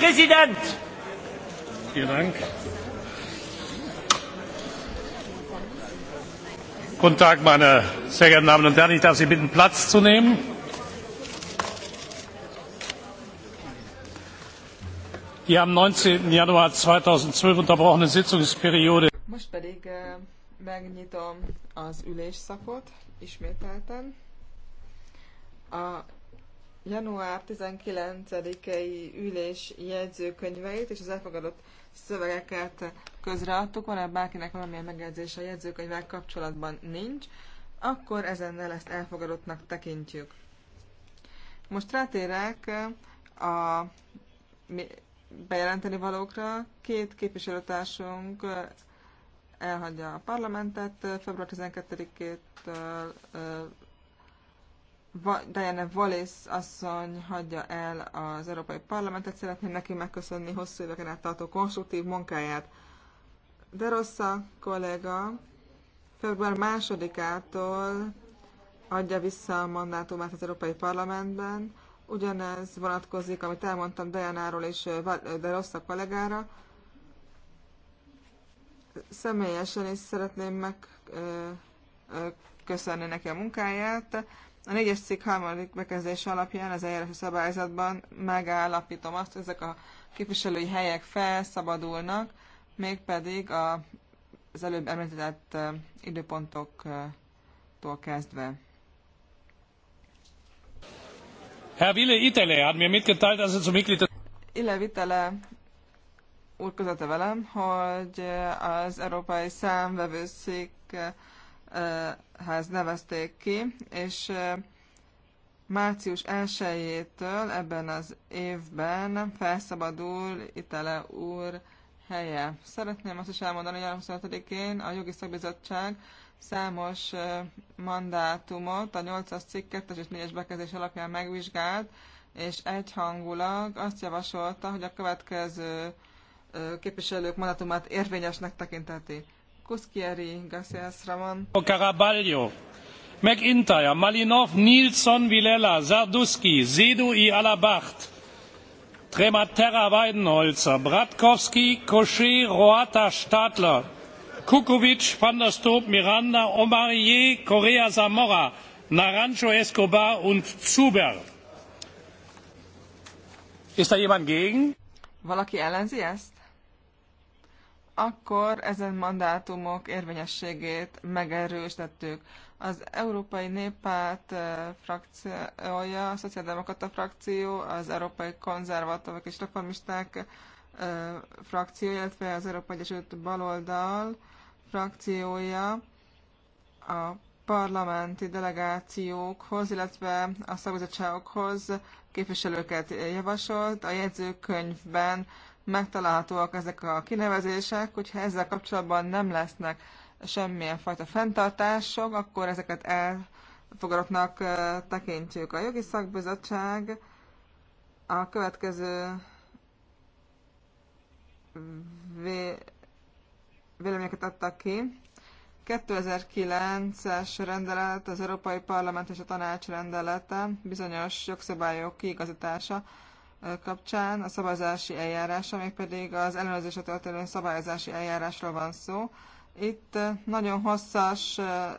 Präsident! Vielen Dank. Guten Tag, meine sehr geehrten Damen und Herren. Ich darf Sie bitten, Platz zu nehmen. Die am 19. Januar 2012 unterbrochene Sitzungsperiode. Most pedig eh, megnyitom az ülésszakot ismételten. A január 19-i ülés jegyzőkönyveit és az elfogadott szövegeket közreadtuk. Van-e bárkinek valamilyen megjegyzés a jegyzőkönyvvel kapcsolatban? Nincs. Akkor ezennel ezt elfogadottnak tekintjük. Most rátérek a bejelenteni valókra. Két képviselőtársunk elhagyja a parlamentet február 12-től Diana Wallis asszony hagyja el az Európai Parlamentet. Szeretném neki megköszönni hosszú éveken át tartó konstruktív munkáját. De rossa kolléga február másodikától adja vissza a mandátumát az Európai Parlamentben. Ugyanez vonatkozik, amit elmondtam Dejanáról és De rossa kollégára. Személyesen is szeretném megköszönni neki a munkáját a négyes cikk harmadik bekezdése alapján az eljárási szabályzatban megállapítom azt, hogy ezek a képviselői helyek felszabadulnak, mégpedig a, az előbb említett időpontoktól kezdve. Herr Wille Itele hat mir mitgeteilt, dass er zum Mitglied Ile Vitele úr közölte velem, hogy az Európai Számvevőszék hez nevezték ki, és március 1-től ebben az évben felszabadul Itele úr helye. Szeretném azt is elmondani, hogy 25-én a Jogi Szakbizottság számos mandátumot a 8-as cikk 2 és 4-es bekezdés alapján megvizsgált, és egyhangulag azt javasolta, hogy a következő képviselők mandátumát érvényesnek tekinteti. Kuszkieri Caraballo, McIntyre, Malinov, Nilsson, Vilela, Zarduski, Zedu i Alabacht, Trematera Weidenholzer, Bratkowski, Kosche, Roata, Stadler, Kukovic, Van der Stoop, Miranda, O'Marie, Correa Zamora, Naranjo Escobar und Zuber. Ist da jemand gegen? Valaki ellenzi ezt? akkor ezen mandátumok érvényességét megerősítettük. Az Európai Néppárt eh, frakciója, a Szociáldemokrata frakció, az Európai Konzervatívok és Reformisták eh, frakció, illetve az Európai Egyesült Baloldal frakciója a parlamenti delegációkhoz, illetve a szakbizottságokhoz képviselőket javasolt. A jegyzőkönyvben megtalálhatóak ezek a kinevezések, hogyha ezzel kapcsolatban nem lesznek semmilyen fajta fenntartások, akkor ezeket elfogadottnak tekintjük. A jogi szakbizottság a következő véleményeket adtak ki. 2009-es rendelet, az Európai Parlament és a Tanács rendelete, bizonyos jogszabályok kiigazítása kapcsán a szavazási eljárásra, mégpedig az ellenőrzésre történő szabályozási eljárásról van szó. Itt eh, nagyon hosszas eh,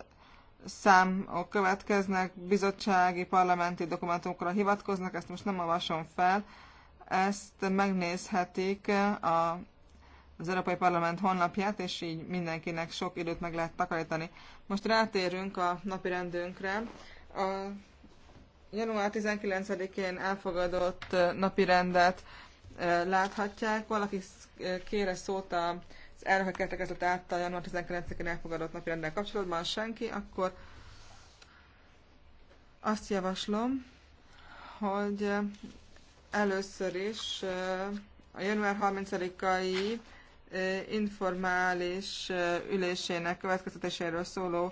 számok következnek, bizottsági, parlamenti dokumentumokra hivatkoznak, ezt most nem olvasom fel, ezt megnézhetik eh, a, az Európai Parlament honlapját, és így mindenkinek sok időt meg lehet takarítani. Most rátérünk a napi rendünkre. A január 19-én elfogadott napirendet láthatják. Valaki kére szót az elnökeketekezlet által január 19-én elfogadott napirendel kapcsolatban senki, akkor azt javaslom, hogy először is a január 30-ai informális ülésének következtetéséről szóló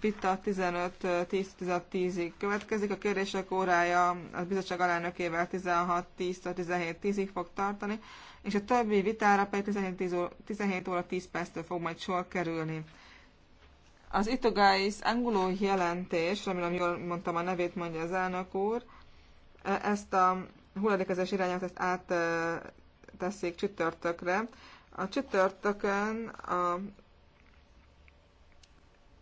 vita 15-10-10-ig következik. A kérdések órája a bizottság alelnökével 16-10-17-10-ig fog tartani, és a többi vitára pedig 17, 17 óra 10 perctől fog majd sor kerülni. Az Itogáis Angulo jelentés, remélem jól mondtam a nevét, mondja az elnök úr, e, ezt a hulladékezés irányát ezt át e, teszik csütörtökre. A csütörtökön a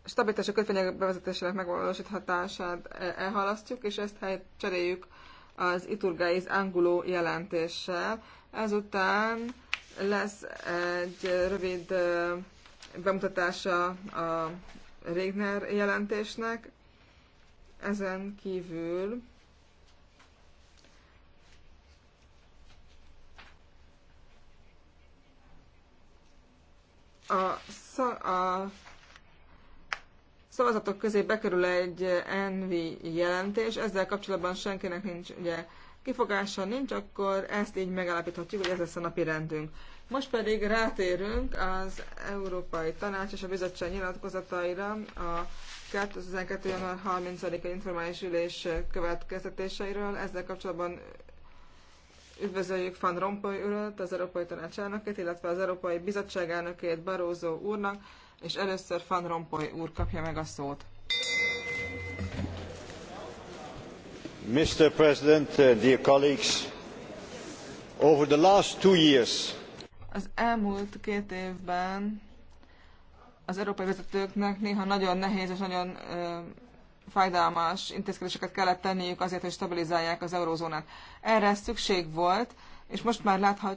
stabilitási kötvények bevezetésének megvalósíthatását e, elhalasztjuk, és ezt helyet cseréljük az Iturgáiz anguló jelentéssel. Ezután lesz egy rövid bemutatása a Régner jelentésnek. Ezen kívül a, a szavazatok közé bekerül egy NV jelentés, ezzel kapcsolatban senkinek nincs ugye kifogása nincs, akkor ezt így megállapíthatjuk, hogy ez lesz a napi rendünk. Most pedig rátérünk az Európai Tanács és a Bizottság nyilatkozataira a 2012. január 30-a informális ülés következtetéseiről. Ezzel kapcsolatban üdvözöljük Van Rompuy urat, az Európai Tanács elnökét, illetve az Európai Bizottság elnökét Barózó úrnak, és először Van Rompuy úr kapja meg a szót. Mr. President, uh, dear colleagues, over the last two years, az elmúlt két évben az európai vezetőknek néha nagyon nehéz és nagyon ö, fájdalmas intézkedéseket kellett tenniük azért, hogy stabilizálják az eurózónát. Erre szükség volt, és most már láthatjuk,